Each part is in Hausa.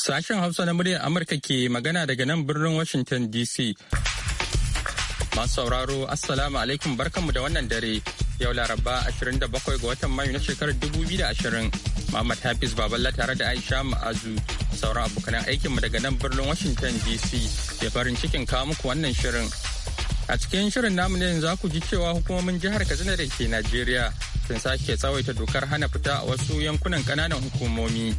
Sashen Hausa na muryar Amurka ke magana daga nan birnin Washington DC. Masu sauraro, Assalamu alaikum barkanmu da wannan dare. Yau Laraba 27 ga watan Mayu na shekarar 2020. Muhammad Hafiz Baballa tare da Aisha Ma'azu sauran abokanan aikinmu daga nan birnin Washington DC ya farin cikin kawo muku wannan shirin. A cikin shirin namu ne za ku ji cewa hukumomin jihar Katsina da ke Najeriya sun sake tsawaita dokar hana fita a wasu yankunan ƙananan hukumomi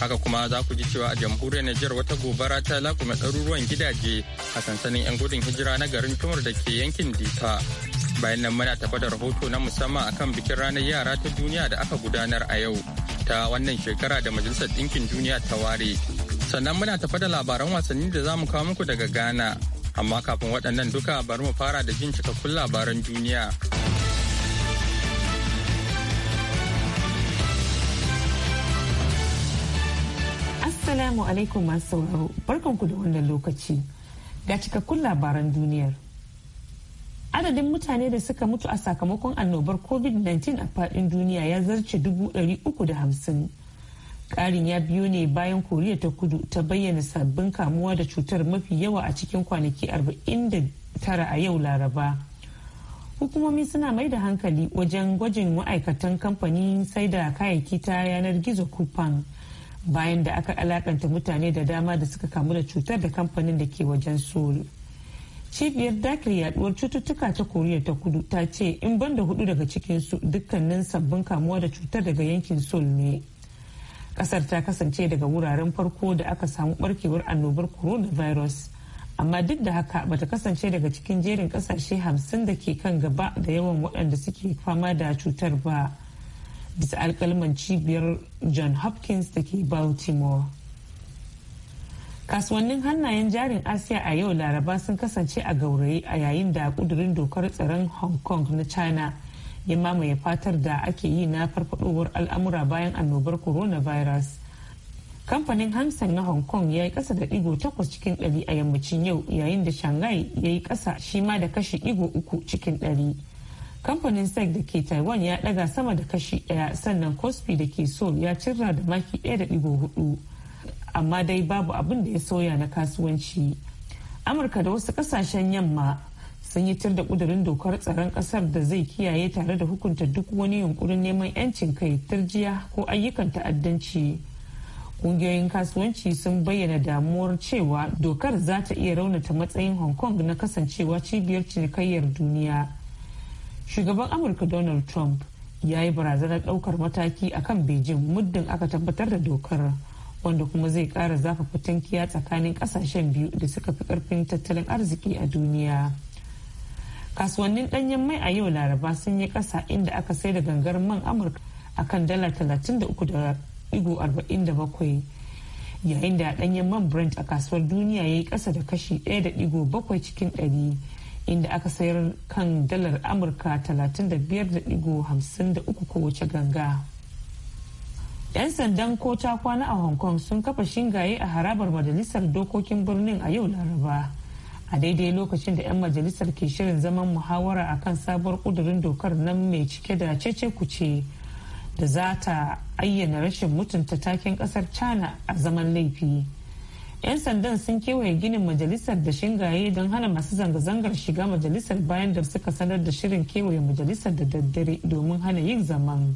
haka kuma za ku ji cewa a jamhuriyar Nijar wata gobara ta lakume ɗaruruwan gidaje a sansanin 'yan gudun hijira na garin Tumur da ke yankin Difa. Bayan nan muna tafa da rahoto na musamman akan bikin ranar yara ta duniya da aka gudanar a yau ta wannan shekara da Majalisar Ɗinkin Duniya ta ware. Sannan muna tafa da labaran wasanni da za mu kawo muku daga Ghana. Amma kafin waɗannan duka bari mu fara da jin cikakkun labaran duniya. Assalamu alaikum masu sauraro barkanku da wannan lokaci ga cikakkun labaran duniyar. Adadin mutane da suka mutu a sakamakon annobar COVID-19 a fadin duniya ya zarce dubu ɗari uku da hamsin. Ƙarin ya biyo ne bayan Koriya ta kudu ta bayyana sabbin kamuwa da cutar mafi yawa a cikin kwanaki arba'in da tara a yau Laraba. Hukumomi suna mai da hankali wajen gwajin ma'aikatan kamfanin sai da kayayyaki ta yanar gizo Kupang. bayan da aka alakanta mutane da dama da suka kamu da cutar da kamfanin da ke wajen seoul cibiyar dakar yaduwar cututtuka ta koriya ta kudu ta ce in banda hudu daga cikin cikinsu dukkanin sabbin kamuwa da cutar daga yankin seoul ne kasar ta kasance daga wuraren farko da aka samu barkewar annobar coronavirus amma duk da haka bata kasance daga cikin jerin kasashe hamsin da ke kan gaba da yawan waɗanda suke fama da cutar ba. bisa alkalman cibiyar john hopkins da ke baltimore kasuwannin hannayen jarin asiya a yau laraba sun kasance a gauraye a yayin da kudurin dokar tsaron hong kong na china ya mamaye fatar da ake yi na farfadowar al'amura bayan annobar coronavirus kamfanin hansan na hong kong ya yi kasa da digo takwas cikin ɗari a yammacin yau yayin da shanghai ya yi kasa shi ma da kashi digo uku cikin ɗari. kamfanin sec da ke taiwan ya daga sama da kashi daya sannan cosby da ke so ya cirra da maki hudu amma dai babu abin da ya soya na kasuwanci amurka da wasu kasashen yamma sun yi tir da kudurin dokar tsaron kasar da zai kiyaye tare da hukunta duk wani yunkurin neman 'yancin kai turjiya ko ayyukan ta'addanci kungiyoyin kasuwanci sun bayyana damuwar cewa dokar za ta iya raunata matsayin hong kong na kasancewa cibiyar cinikayyar duniya shugaban amurka donald trump ya yi barazanar daukar mataki a kan beijing muddin aka tabbatar da dokar wanda kuma zai kara zafafa tankiya tsakanin kasashen biyu da suka fi karfin tattalin arziki a duniya kasuwannin danyen mai a yau laraba sun yi kasa inda aka sai da gangar man amurka kan dala 33.47 yayin da danyen man brent a kasuwar duniya ya yi kasa da kashi 1.7 cikin ɗari. inda aka sayar kan dalar amurka 35.53 kowace ganga yan sandan ko ta kwana a hong kong sun kafa shingaye a harabar majalisar dokokin birnin a yau laraba a daidai lokacin da 'yan majalisar ke shirin zaman muhawara a kan sabuwar kudurin dokar nan mai cike da cece kuce da za ta ayyana rashin mutunta takin kasar china a zaman laifi. 'yan sandan sun kewaye ginin majalisar da shingaye don hana masu zanga-zangar shiga majalisar bayan da suka sanar da shirin kewaye majalisar da daddare domin hana yin zaman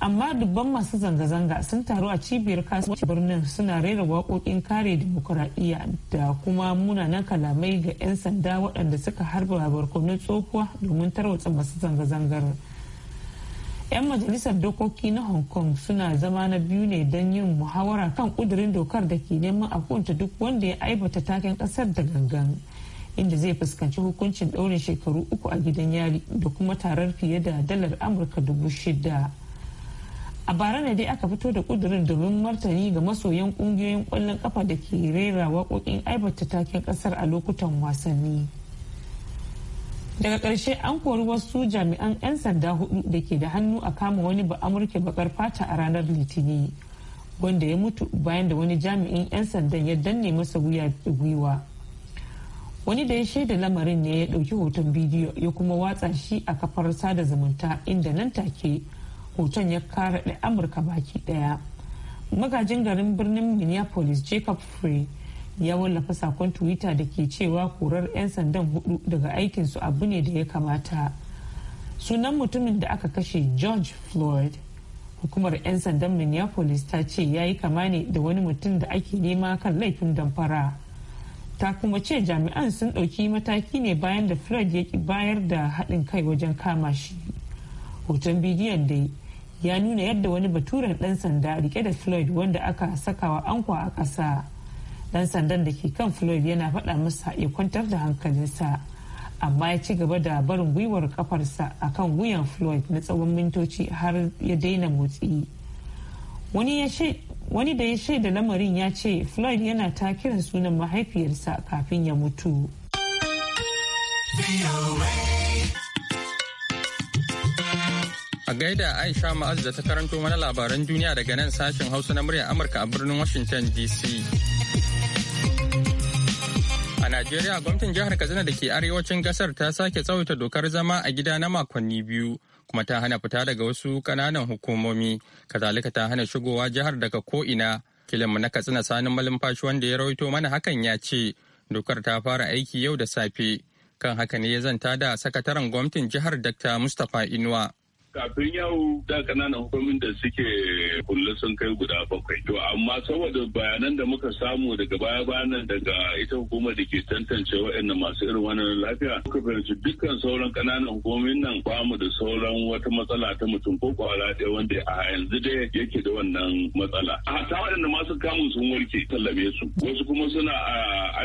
amma dubban masu zanga-zanga sun taru a cibiyar kasuwanci birnin suna rera waƙoƙin kare demokuraɗiyya da kuma munanan kalamai ga 'yan sanda waɗanda suka harba barkonin tsohuwa domin tarwatsa masu zanga-zangar. 'yan majalisar dokoki na hong kong suna zama na biyu ne don yin muhawara kan kudurin dokar da ke neman a kunta duk wanda ya aibata taken kasar da gangan inda zai fuskanci hukuncin ɗaurin shekaru uku a gidan yari da kuma tarar fiye da dalar amurka dubu shida a bara ne dai aka fito da kudurin domin martani ga masoyan kungiyoyin kwallon kafa da ke rera waƙoƙin aibata taken kasar a lokutan wasanni daga ƙarshe an kori wasu jami'an 'yan sanda hudu da ke da hannu a kama wani ba amurke bakar fata a ranar litini wanda ya mutu bayan da wani jami'in 'yan sandan ya danne masa wuya da gwiwa wani da ya shaida lamarin ne ya ɗauki hoton bidiyo ya kuma watsa shi a kafar sada zumunta inda nan take hoton ya kara amurka baki daya magajin garin birnin minneapolis jacob free ya wallafa sakon twitter da ke cewa korar 'yan sandan hudu daga aikinsu abu ne da ya kamata sunan mutumin da aka kashe george floyd hukumar 'yan sandan minneapolis ta ce ya yi kama ne da wani mutum da ake nema kan laifin damfara ta kuma ce jami'an sun ɗauki mataki ne bayan da floyd ya ki bayar da haɗin kai wajen kama shi hoton bidiyon dai ya nuna yadda wani baturen ɗan sanda rike da floyd wanda aka sakawa ankwa a ƙasa dan sandan da ke kan floyd yana faɗa masa ya kwantar da hankalinsa amma ya ci gaba da barin gwiwar kafarsa a kan wuyan floyd na tsawon mintoci har ya daina motsi wani da ya shaida lamarin ya ce floyd yana ta kiran sunan mahaifiyarsa kafin ya mutu a gaida aisha ma'az da ta karanto mana labaran duniya daga nan sashen hausa na murya amurka a birnin washington dc Najeriya gwamnatin jihar Katsina da ke arewacin gasar ta sake tsawaita dokar zama a gida na makonni biyu kuma ta hana fita daga wasu kananan hukumomi kazalika ta hana shigowa jihar daga ko'ina kilinmu na Katsina sanin malumfashi wanda ya rawaito mana hakan ya ce dokar ta fara aiki yau da safe kan haka ne ya zanta da sakataren gwamnatin jihar Dr. Mustapha Inuwa kafin yau da kananan hukumin da suke kulle sun kai guda bakwai to amma saboda bayanan da muka samu daga baya bayanan daga ita hukumar da ke tantance wa'annan masu irin wannan lafiya muka fahimci dukkan sauran kananan hukumomin nan ba mu da sauran wata matsala ta mutum ko kwara ɗaya wanda a yanzu dai yake da wannan matsala a hatta waɗanda masu kamun sun warke tallabe su wasu kuma suna a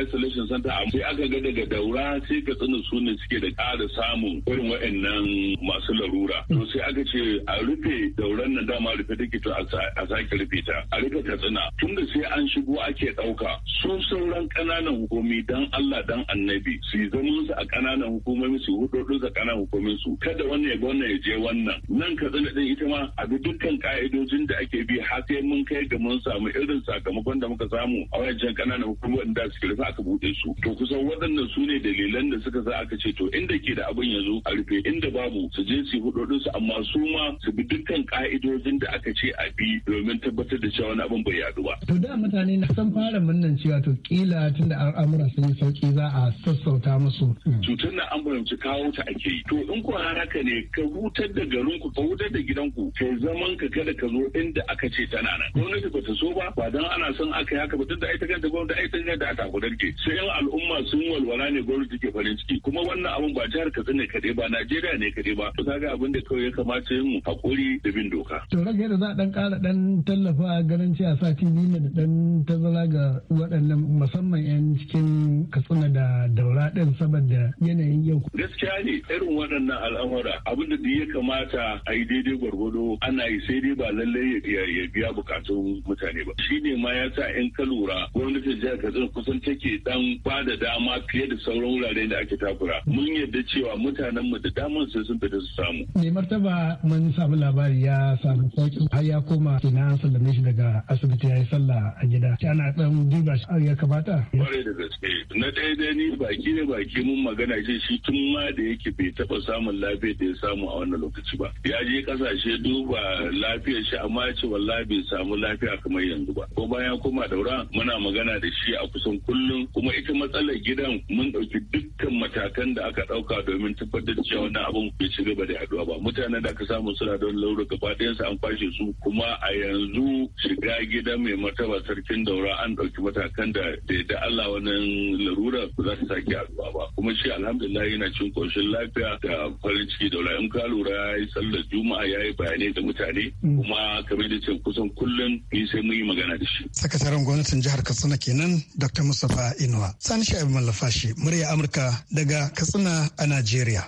isolation center sai aka ga daga daura sai ka tsina su ne suke da ƙara samun irin waɗannan masu larura sai aka ce a rufe dauran na dama rufe take to a sake rufe ta a rufe katsina tun da sai an shigo ake ɗauka su sauran ƙananan hukumi dan Allah dan annabi su yi su a kananan hukumomi su hudu da ƙananan hukumin su kada wannan ya ga wannan ya je wannan nan ka katsina din ita ma a bi dukkan ka'idojin da ake bi har sai mun kai ga mun samu irin sakamakon da muka samu a wajen ƙananan hukumomin da suke rufe aka bude su to kusan waɗannan su ne dalilan da suka sa aka ce to inda ke da abin yanzu a rufe inda babu su je su hudodin su amma su ma su bi dukkan ka'idojin da aka ce a bi domin tabbatar da cewa wani abin bai yadu ba. To da mutane na san fara murnan cewa to kila tun da al'amura sun yi sauki za a sassauta musu. Cutar na an fahimci kawo ta ake yi. To in ku haka ne ka hutar da garinku ka hutar da gidanku ka zaman ka kada ka zo inda aka ce tana nan. Gwamnati ba ta so ba ba dan ana son aka yi haka ba tunda da ta ganta gwamnati ai ta ganta a takudar Sai yan al'umma sun walwala ne gwamnati ke farin ciki kuma wannan abin ba jihar Katsina kaɗai ba Najeriya ne kaɗai ba. Ka ga abin da kawai kamata yin hakuri da bin doka. To rage da za a dan kara ɗan tallafa ganin sa sati biyu da ɗan tazara ga waɗannan musamman 'yan cikin katsina da daura ɗin saboda yanayin yau. Gaskiya ne irin waɗannan al'amura abin da ya kamata a yi daidai gwargwado ana yi sai dai ba lallai ya biya bukatun mutane ba. Shi ne ma ya sa 'yan kalura gwamnatin jihar Katsina kusan take dan ba da dama fiye da sauran wurare da ake takura. Mun yarda cewa mutanen mu da daman sai sun fita su samu. Me martaba ba mun samu labari ya samu sauki har ya koma kina an sallame shi daga asibiti ya yi sallah a gida ta ana ɗan duba shi ya kamata da gaske na ɗaya dai ni baki ne baki mun magana shi shi tun ma da yake bai taɓa samun lafiya da ya samu a wannan lokaci ba ya je ƙasashe duba lafiyar shi amma ya ce wallahi bai samu lafiya kamar yanzu ba ko bayan koma daura muna magana da shi a kusan kullum kuma ita matsalar gidan mun ɗauki dukkan matakan da aka ɗauka domin tabbatar da cewa wannan abin bai ci gaba da yaduwa ba mutane mutanen da aka samu suna don lauro gaba su an kwashe su kuma a yanzu shiga gida mai martaba sarkin daura an ɗauki matakan da da da Allah wannan larura ba za ta sake haɗuwa ba kuma shi alhamdulillah yana cin koshin lafiya da farin ciki daura in ka lura ya yi sallar juma'a ya yi bayanai da mutane mm. kuma kamar da ce kusan kullum ni sai mun yi magana da shi. Sakataren gwamnatin jihar Katsina kenan Dr. Mustapha Inuwa. Sani Sha'ibu Mallafashi, murya Amurka daga Katsina a Najeriya.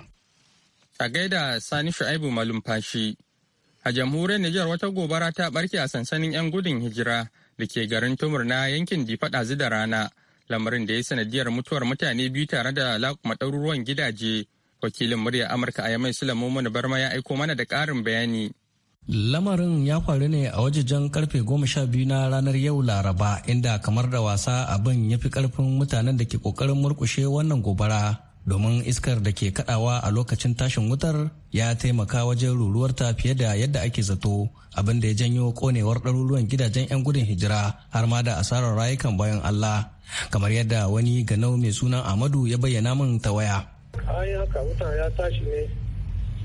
A gaida Sani Shu'aibu Malumfashi. A jamhuriyar Nijar wata gobara ta barke a sansanin 'yan gudun hijira da ke garin Tumur na yankin Difaɗazu da rana, lamarin da ya sanadiyar mutuwar mutane biyu tare da lakuma ɗaruruwan gidaje. Wakilin murya Amurka a Yamai mana Barma ya aiko mana da ƙarin bayani. Lamarin ya faru ne a wajejen karfe goma sha biyu na ranar yau Laraba inda kamar da wasa abin ya fi karfin mutanen da ke kokarin murkushe wannan gobara domin iskar da ke kadawa a lokacin tashin wutar ya taimaka wajen ruruwarta fiye da yadda ake zato abin da ya janyo konewar ɗaruruwan gidajen 'yan gudun hijira har ma da asarar rayukan bayan Allah kamar yadda wani ganau mai sunan Amadu ya bayyana min ta waya. haka wuta ya tashi ne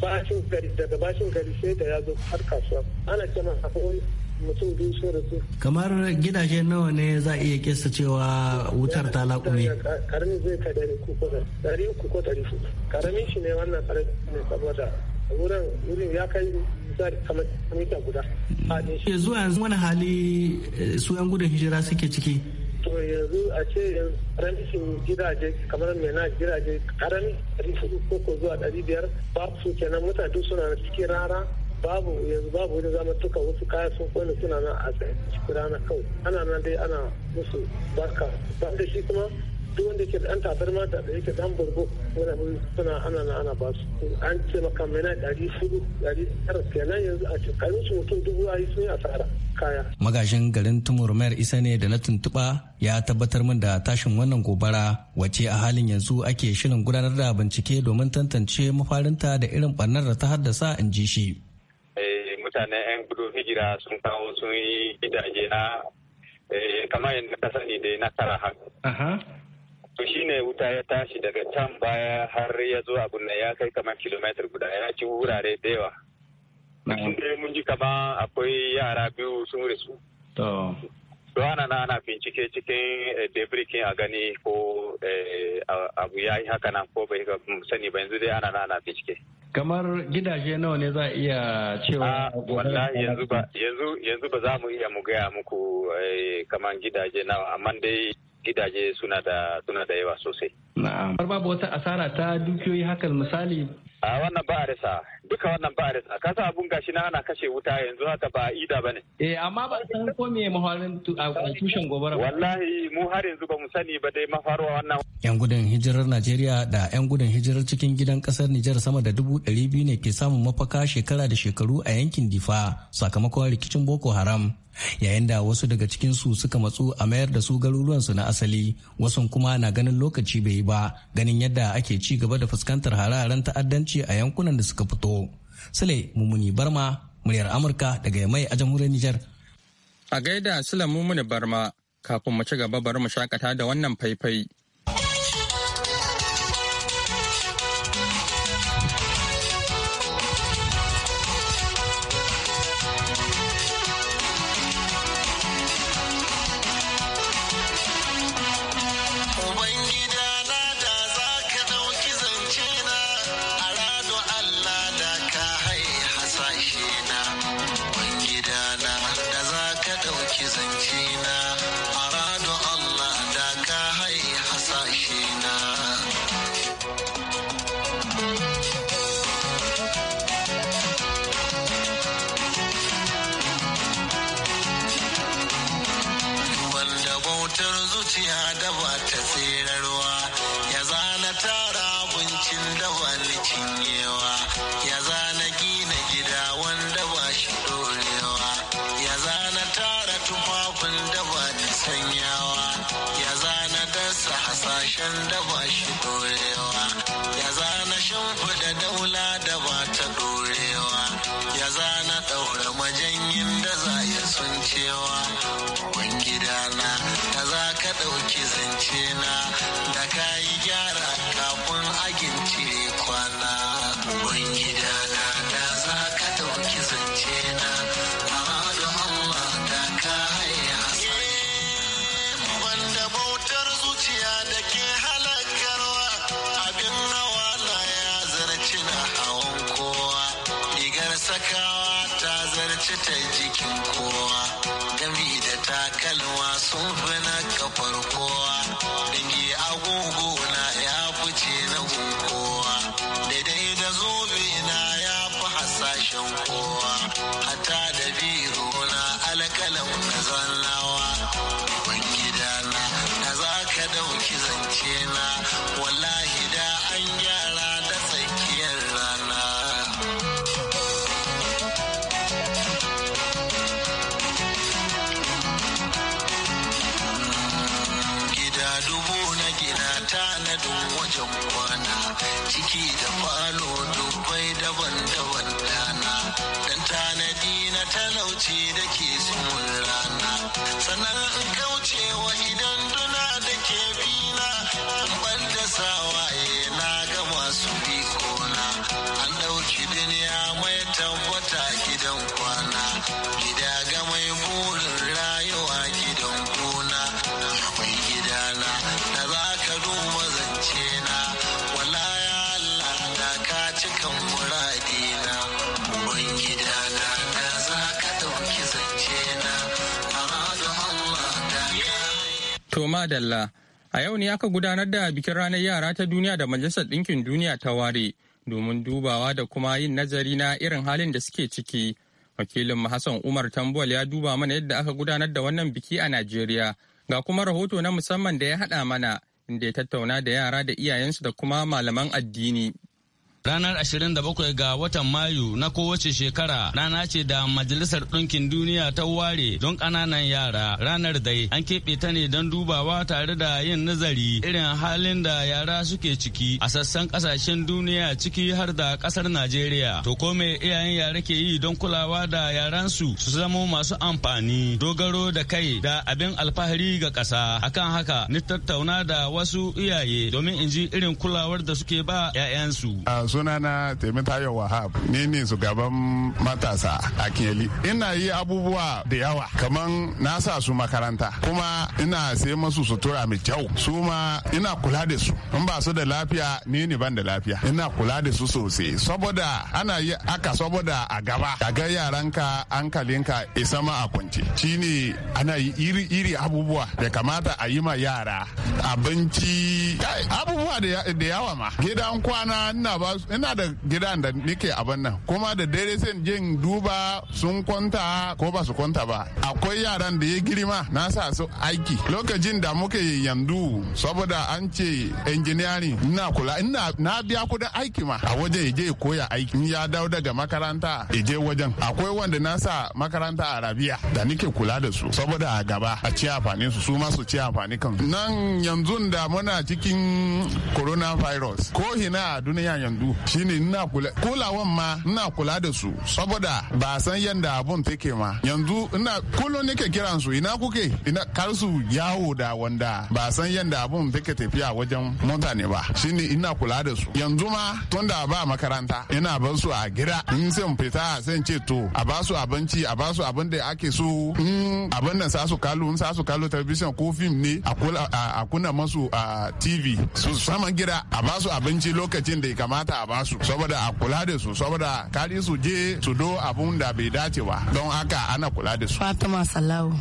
bashin gari daga bashin gari sai da ya zo har kasuwa ana cewa akwai mutum biyu su kamar gidaje nawa ne za iya kesa cewa wutar ta laƙume karamin zai kai dari uku ko dari uku ko dari su karamin shi ne wannan karamin ne saboda wurin wurin ya kai misali kamar mita guda. zuwa yanzu wani hali eh, su 'yan gudun hijira suke ciki. to yanzu a ce yanzu gidaje kamar mena gidaje karamin ɗari koko ko zuwa ɗari biyar babu su kenan mutane suna cikin rara babu yanzu babu wani zama tuka wasu kaya sun kone suna nan a cikin rana kawai ana nan dai ana musu barka da shi kuma duk wanda yake dan tatar mata da yake dan burgo wanda mun suna ana na ana ba su an ce maka mena dari hudu dari tara kenan yanzu a shekarun su mutum dubu a yi sun yi asara kaya. Magajin garin Tumur Mayar Isa ne da na tuntuɓa ya tabbatar min da tashin wannan gobara wace a halin yanzu ake shirin gudanar da bincike domin tantance mafarinta da irin barnar da ta haddasa in ji shi. Eh, mutane 'yan gudu hijira sun kawo sun yi gidaje na eh, kamar yadda ka sani da na tara haka. to shine wuta ya tashi daga can baya har ya zo abun nan ya kai kamar kilometer guda ya ci wurare da yawa mm. mun ji kama akwai yara biyu sun rasu to ana na ana bincike cikin eh, debrikin a gani ko eh, abu ya yi haka nan ko bai sani ba yanzu dai ana na ana bincike kamar gidaje nawa ne za a iya cewa ah, wallahi yanzu ba yanzu yanzu ba za mu iya mu gaya muku eh, kamar gidaje nawa amma dai gidaje suna da suna da yawa sosai. Na'am. Har babu wata asara ta dukiyoyi hakan misali a wannan ba a rasa duka wannan ba a rasa ka sa abun gashi na ana kashe wuta yanzu haka ba ida bane eh amma ba san ko me a tushen gobara wallahi mu har yanzu ba mu sani ba dai mafarwa wannan yan gudun hijirar Najeriya da yan gudun hijirar cikin gidan kasar Nijar sama da dubu ɗari biyu ne ke samun mafaka shekara da shekaru a yankin Difa sakamakon rikicin Boko Haram yayin da wasu daga cikinsu suka matsu a mayar da su garuruwansu na asali wasu kuma na ganin lokaci bai yi ba ganin yadda ake ci gaba da fuskantar hararen ta'addanci a yankunan da suka fito sule mumuni barma muryar amurka daga mai a jamhuriyar nijar a gaida sule mumuni barma kafin mu ci gaba bari mu shakata da wannan faifai ta jikin kowa gami da takalma sun fi na kafar kowa daban daban wadana dan tanadi na talauci da ke sun rana sannan Madalla. A yau ne aka gudanar da bikin ranar yara ta duniya da Majalisar Ɗinkin Duniya ta ware domin dubawa da kuma yin nazari na irin halin da suke ciki. Wakilin Hassan Umar Tambol ya duba mana yadda aka gudanar da wannan biki a Najeriya. Ga kuma rahoto na musamman da ya haɗa mana inda ya tattauna da yara da iyayensu da kuma malaman addini. Ranar 27 ga watan Mayu na kowace shekara rana ce da Majalisar Ɗinkin Duniya ta ware don ƙananan yara. Ranar dai an keɓe ta ne don dubawa tare da yin nazari irin halin da yara suke ciki a sassan ƙasashen duniya ciki har da ƙasar Najeriya. To ko me iyayen yara ke yi don kulawa da yaransu su zama masu amfani dogaro da kai da abin alfahari ga ƙasa. Akan haka ni tattauna da wasu iyaye domin in ji irin kulawar da suke ba 'ya'yansu. sunana taimin wahab ni ne gaban matasa a kiyali ina yi abubuwa da yawa kaman na sa su makaranta kuma ina sai masu sutura mai kyau su ma ina kula da su in ba su da lafiya ni ne ban da lafiya ina kula da su sosai saboda ana yi aka saboda a gaba kaga yaranka hankalinka isa ma a kwance ne ana yi iri-iri abubuwa da kamata a yi ma yara abinci abubuwa da yawa ma gidan kwana ina ba ina da gidan da nike a nan kuma da dare sai jin duba sun kwanta ko ba su kwanta ba akwai yaran da ya girma na sa su aiki lokacin da muke yanzu saboda an ce engineering ina kula ina na biya kudin aiki ma a waje je koya aiki ya dawo daga makaranta je wajen akwai wanda na sa makaranta arabiya da nike kula da su saboda a gaba a ci amfanin su su ma su ci amfani kan nan yanzu da muna cikin coronavirus ko hina a duniya yanzu shine ina kula kulawan ma ina kula da su saboda ba san yanda abun take ma yanzu ina kullum nake kiran su ina kuke ina kar su yawo da wanda ba san yanda abun take tafiya wajen mutane ba shine ina kula da su yanzu ma tunda ba makaranta ina ban su a gida in mu fita sai ce to a ba su abinci a ba su abin da ake so in abin nan sa su kallo in sa su kallo television ko fim ne a kuna masu a tv su sama gida a ba su abinci lokacin da ya kamata a ba su saboda a kula da su saboda kari su je su do abun da bai dace ba don haka ana kula da su fatima salawu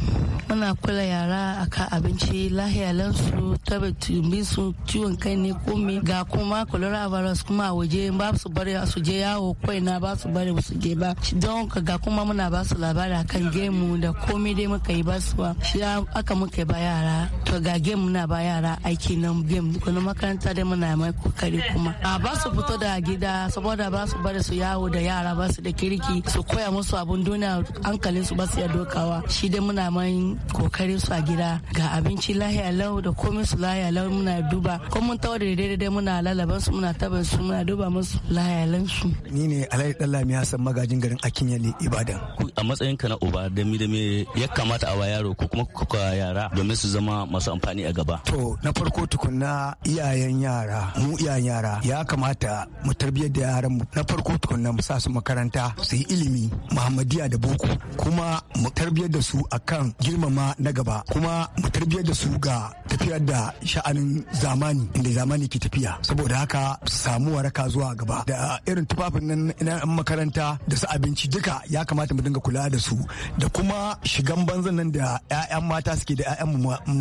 muna kula yara akan abinci lahiyalansu tabi tumbin su ciwon kai ne komi ga kuma cholera virus kuma a waje ba su bari su je yawo kwai na ba su bari su je ba don ga kuma muna ba su labari akan gemu da komi dai muka yi ba shi aka muka ba yara to ga gemu na ba yara aiki nan gemu kuma makaranta dai muna mai kokari kuma a ba su fito da a gida saboda ba su bari su yawo da yara ba su da kirki su koya musu abun duniya hankalin su ba su ya dokawa shi dai muna man kokarin su a gida ga abinci lahiya lau da komai su lahiya lau muna duba ko mun tawo da daidai muna lalaban su muna taban su muna duba musu lan su ni ne Alhaji y'a san magajin garin Akinyele Ibadan a matsayin ka na uba da mi da mi ya kamata a wa yaro ko kuma ka yara domin su zama masu amfani a gaba to na farko tukunna iyayen yara mu iyayen yara ya kamata mu tarbiyyar da yaran mu na farko tukunna mu sa su makaranta su yi ilimi muhammadiya da boko kuma mu tarbiyyar da su akan girmama na gaba kuma mu tarbiyyar da su ga tafiyar da sha'anin zamani inda zamani ke tafiya saboda haka samu waraka zuwa gaba da irin tufafin nan na makaranta da su abinci duka ya kamata mu dinga kula da su da kuma shigan banzan nan da 'ya'yan mata suke da 'ya'yan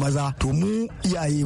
maza to mu iyaye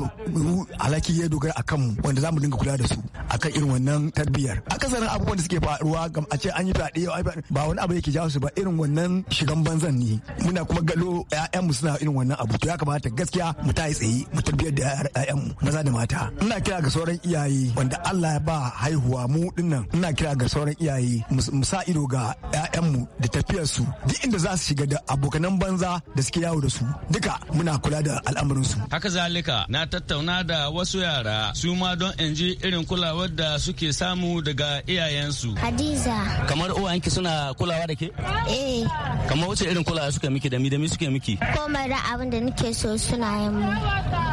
alaki ya dogara akan mu wanda za mu dinga kula da su akan irin wannan tarbiyar akasarin abubuwan da suke faruwa a ce an yi fyaɗe ba wani abu yake jawo su ba irin wannan shigan banzan ne muna kuma galo ƴaƴanmu suna irin wannan abu to ya kamata gaskiya mu ta yi tsaye mu tarbiyar da ƴaƴanmu maza da mata ina kira ga sauran iyaye wanda Allah ya ba haihuwa mu dinnan ina kira ga sauran iyaye mu sa ido ga ƴaƴanmu da tafiyar su duk inda za su shiga da abokanan banza da suke yawo da su duka muna kula da al'amarin su haka zalika na tattauna da wasu yara su ma don in ji irin kulawar da suke sa samu daga iyayensu? Hadiza. Kamar uwayenki suna kulawa da ke? Eh. Kamar wace irin kulawa suka miki da mi da mi suke miki? Komai da abin da nake so suna yin mu.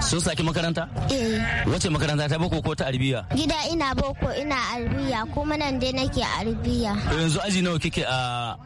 Sun saki makaranta? Eh. Wace makaranta ta boko ko ta arbiya? Gida ina boko ina arbiya kuma nan dai nake arbiya. To yanzu aji nawa kike a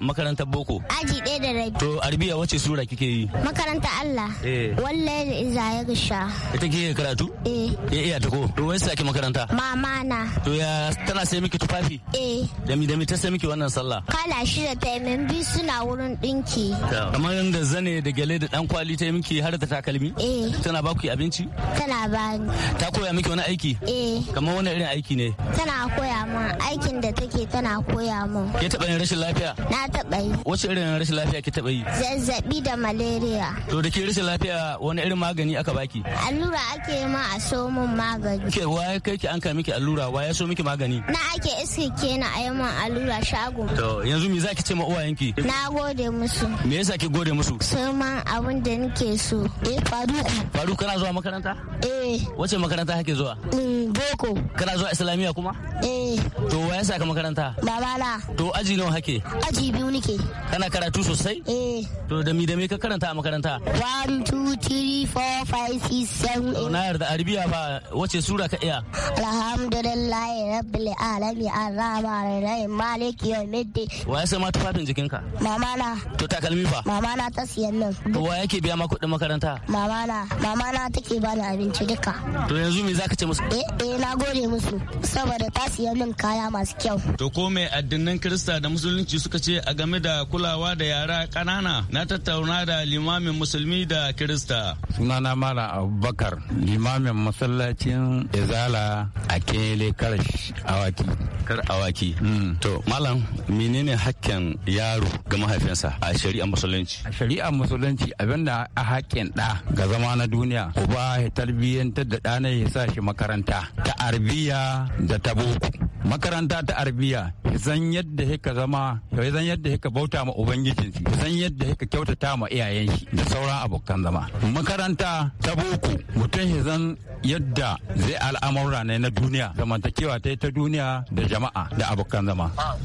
makarantar boko? Aji ɗaya da rabi. To arbiya wace sura kike yi? Makaranta Allah. Eh. Wallahi da iza ya gusha. Ita kike karatu? Eh. Ya iya ta ko. To wai saki makaranta? Mama na. To ya tana sai miki tufafi? Eh. Da mi ta sai miki wannan sallah? Kala shida ta yi bi suna wurin dinki. Kamar yadda zane da gyale da dan kwali ta yi miki har da takalmi? Eh. Tana ba ku abinci? Tana ba ni. Ta koya miki wani aiki? Eh. Kamar wani irin aiki ne? Tana koya min aikin da take tana koya min. Ke taɓa yin rashin lafiya? Na taɓa yi. Wace irin rashin lafiya ke taɓa yi? Zazzaɓi da malaria. To da ke rashin lafiya wani irin magani aka baki? Allura ake ma a so min magani. Ke waye kai ki an ka miki allura waye so miki magani? magani na ake iske kenan a yaman allura shago to yanzu me zaki ce ma uwayenki na gode musu me yasa ki gode musu sai ma abin da nake so eh faruku faruku kana zuwa makaranta eh wace makaranta kake zuwa mm, boko kana zuwa islamiya kuma eh to wa yasa ka makaranta babana to aji nawa hake aji biyu nake kana karatu sosai eh to da mi da me ka karanta a makaranta 1 2 3 4 5 6 7 na yarda arabiya ba wace sura ka iya alhamdulillah rabb العالمين الرحمن الرحيم مالك يوم الدين wa sai ma tufafin jikinka mama na to takalmi fa mama na ta siyan min to wa yake biya ma kuɗin makaranta mama na mama na take bani abinci duka to yanzu me zaka ce musu eh eh na gode musu saboda ta siyan min kaya masu kyau to ko me addinin kirista da musulunci suka ce a game da kulawa da yara ƙanana na tattauna da limamin musulmi da kirista sunana mala abubakar limamin masallacin izala a kele karshe awaki kar awaki mm. to malam menene hakken yaro ga mahaifinsa a shari'a musulunci a shari'a musulunci abinda a hakken da ga zama na duniya uba ya tarbiyyantar da ɗana ya sa shi makaranta ta arbiya da ta boko makaranta ta arbiya zan yadda hika zama ya zan yadda hika bauta ma ubangijinsu zan yadda hika kyautata ma iyayen shi da sauran abokan zama makaranta ta boko mutum zan yadda zai al'amura ne na duniya zamantakewa ta ta duniya da jama'a da abokan zama. Ah,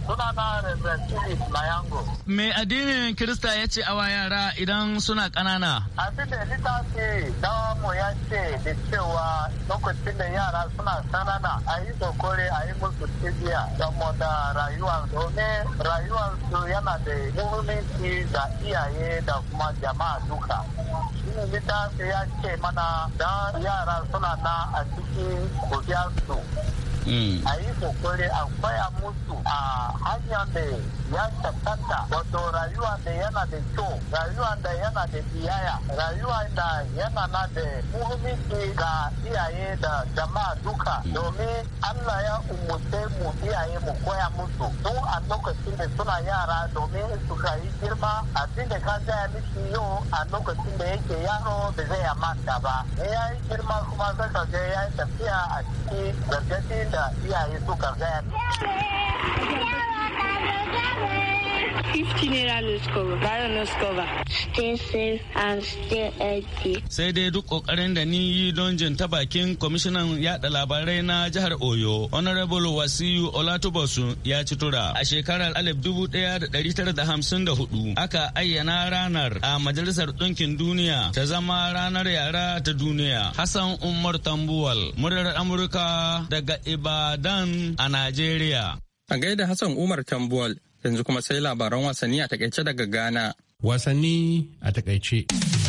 Mai addinin Kirista ya ce awa yara idan suna ƙanana. Abin da littafi mu ya ce da cewa lokacin da yara suna ƙanana a yi kokore a yi musu cibiya saboda rayuwa domin rayuwarsu yana da muhimmanci ga iyaye da kuma jama'a duka. Shine littafi ya ce mana da yara suna na a cikin su Mm. a yi kokore a koya musu a hanyar da ya tattanta wato rayuwa da yana da kyau rayuwa da yana da biyaya rayuwa da yana na da muhimmanci ga iyaye da jama'a duka mm. domin allah ya umurce mu iyaye mu koya musu tun a lokacin da suna yara domin su yi girma abin da ka gaya miki yau a lokacin da yake yaro da zai manta ba ya yi girma kuma zaka ga ya yi tafiya a ciki gargaɗin da iyaye suka gaya. Sai dai duk kokarin da ni yi don jin ta bakin kwamishinan yada labarai na jihar Oyo, Honorable Wasiyu Olatubosu ya ci tura. A shekarar 1954 aka ayyana ranar a Majalisar Ɗinkin Duniya ta zama ranar yara ta duniya. Hassan Umar Tambuwal, muryar Amurka daga Ibadan a Najeriya. A gaida Hassan Umar Tambuwal, Yanzu kuma sai labaran wasanni a takaice daga Ghana. Wasanni a takaice.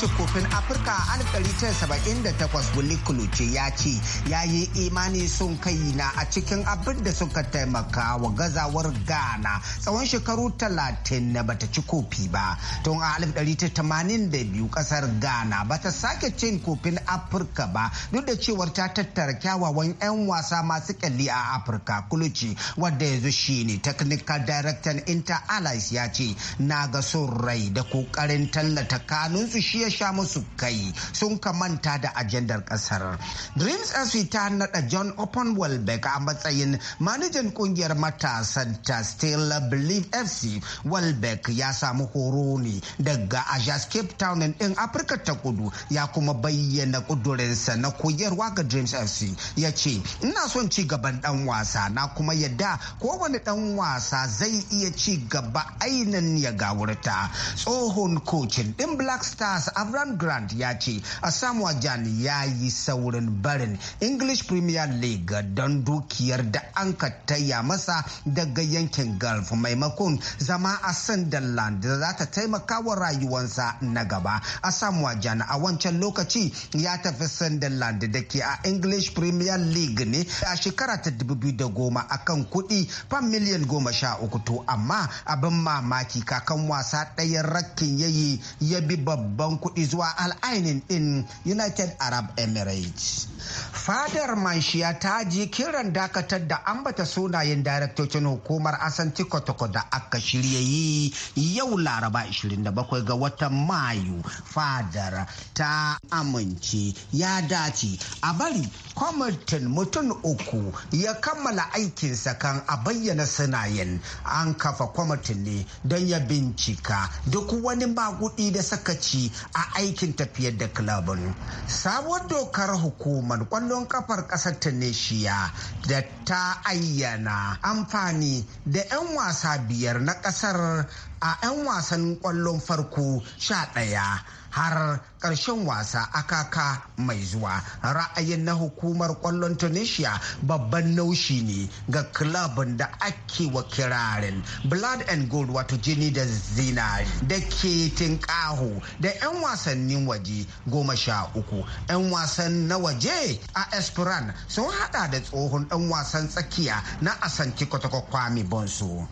majalisar kofin afirka a 1978 wani kuluce ya ce ya yi imani sun kai na a cikin abin da suka taimaka wa gazawar ghana tsawon shekaru talatin na bata ci kofi ba tun a 1982 ƙasar ghana bata sake cin kofin afirka ba duk da cewar ta tattara kyawawan 'yan wasa masu kyalli a afirka kuluci wadda yanzu shine technical director inter allies ya ce na ga son rai da kokarin tallata kanunsu shi ya sha musu kai sun kamanta da ajandar kasar dreams we ta nada john open welbeck a matsayin manajan kungiyar matasan ta stella believe fc welbeck ya samu horo ne daga Ajax cape town din afirka ta kudu ya kuma bayyana kudurinsa na koyarwa ga dreams fc ya ce ina son ci gaban dan wasa na kuma yadda kowane dan wasa zai iya ci gaba ainihin ya gawurta tsohon kocin din black stars Avram Grant ya ce samuwa Jan ya yi saurin barin English Premier League don dukiyar da an taya masa daga yankin Gulf maimakon zama a Sunderland da za ta taimaka wa rayuwansa na gaba. samuwa Jan a wancan lokaci ya tafi Sunderland da ke a English Premier League ne a shekara ta 2010 akan kuɗi fam miliyan goma sha uku to amma abin mamaki kakan wasa ɗayan rakin yayi ya bi babban kudi. kuɗi zuwa al'ainin ɗin United Arab Emirates. fadar manshiya ta ji kiran dakatar da ambata sunayen daraktocin hukumar asanti kotoko da aka shirya yi yau laraba 27 ga watan mayu fadar ta amince ya dace a bari kwamitin mutum uku ya kammala aikinsa kan a bayyana sunayen an kafa kwamitin ne don ya bincika duk wani magudi da sakaci a aikin tafiyar da kilabun. sabuwar dokar hukuma muhammad kwallon kafar kasar tunisia da ta ayyana amfani da 'yan wasa biyar na kasar a 'yan wasan kwallon farko sha ɗaya har Karshen wasa a kaka mai zuwa ra'ayin na hukumar kwallon tunisia babban naushi ne ga kilabin da ake wa kirarin blood and gold wato jini da zinari da ke tinkaho da 'yan wasannin waje goma sha uku 'yan wasan na waje a esperan sun hada da tsohon dan wasan tsakiya na asanti kwami bonso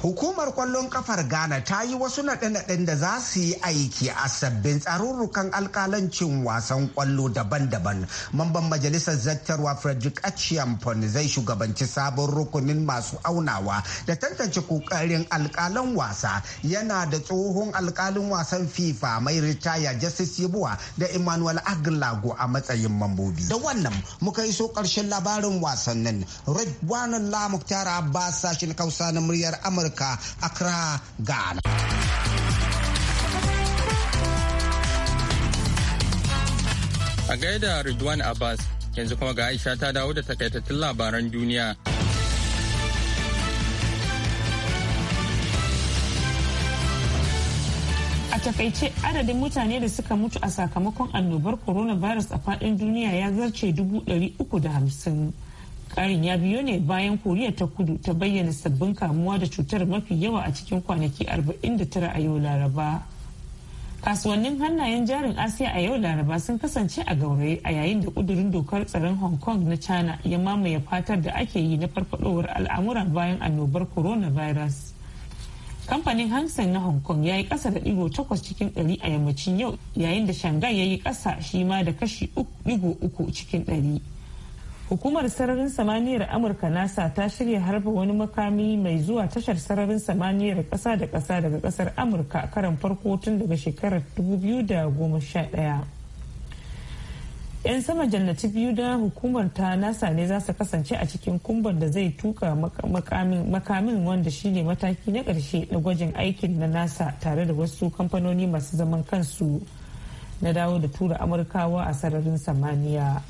hukumar kwallon kafar ghana ta yi wasu naɗe-naɗen da za su yi aiki a sabbin tsarurruka kan alkalancin wasan kwallo daban-daban mamban majalisar zartarwa frederick achiampon zai shugabanci sabon rukunin masu aunawa da tantance kokarin alkalan wasa yana da tsohon alkalin wasan fifa mai ritaya justice yabuwa da emmanuel aglago a matsayin mambobi da wannan muka yi so karshen labarin wasannin wannan lamuk tara ba sashen kausa na muryar amurka accra ghana A gaida Ridwan Abbas yanzu kuma ga Aisha ta dawo da takaitattun labaran duniya. A takaice adadin mutane da suka mutu a sakamakon annobar coronavirus a faɗin duniya ya zarce dubu ɗari uku da hamsin. Karin ya biyo ne bayan Koriya ta kudu ta bayyana sabbin kamuwa da cutar mafi yawa a cikin kwanaki 49 a yau Laraba. kasuwannin hannayen jarin asiya a yau laraba sun kasance a gauraye a yayin da kudurin dokar tsaron hong kong na china ya mamaye fatar da ake yi na farfadowar al'amura bayan annobar coronavirus kamfanin hansen na hong kong ya yi kasa da digo takwas cikin ɗari a yammacin yau yayin da shanghai ya yi kasa shi ma da kashi digo uku cikin ɗari Hukumar sararin samaniyar Amurka NASA ta shirya harba wani makami mai zuwa tashar sararin samaniyar ƙasa da ƙasa daga ƙasar Amurka a karan farko tun daga shekarar 2011. 'Yan sama jannati biyu da hukumar ta NASA ne za su kasance a cikin kumban da zai tuka makamin wanda shine mataki na ƙarshe na gwajin aikin na NASA tare da wasu kamfanoni masu zaman kansu na dawo da tura Amurkawa a sararin samaniya.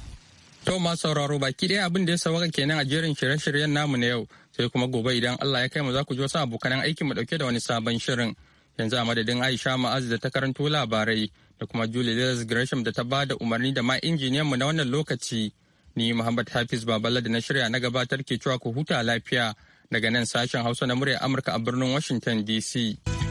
To ma sauraro baki ɗaya abin da ya sauka kenan a jerin shirye-shiryen namu na yau sai kuma gobe idan Allah ya kai mu za ku ji wasu abokanan aikin mu dauke da wani sabon shirin. Yanzu a madadin Aisha Ma'az da ta karanto labarai da kuma Julie Lewis Gresham da ta bada umarni da ma injiniyan mu na wannan lokaci. Ni Muhammad Hafiz Baballa da na shirya na gabatar ke cewa ku huta lafiya daga nan sashen Hausa na muryar Amurka a birnin Washington DC.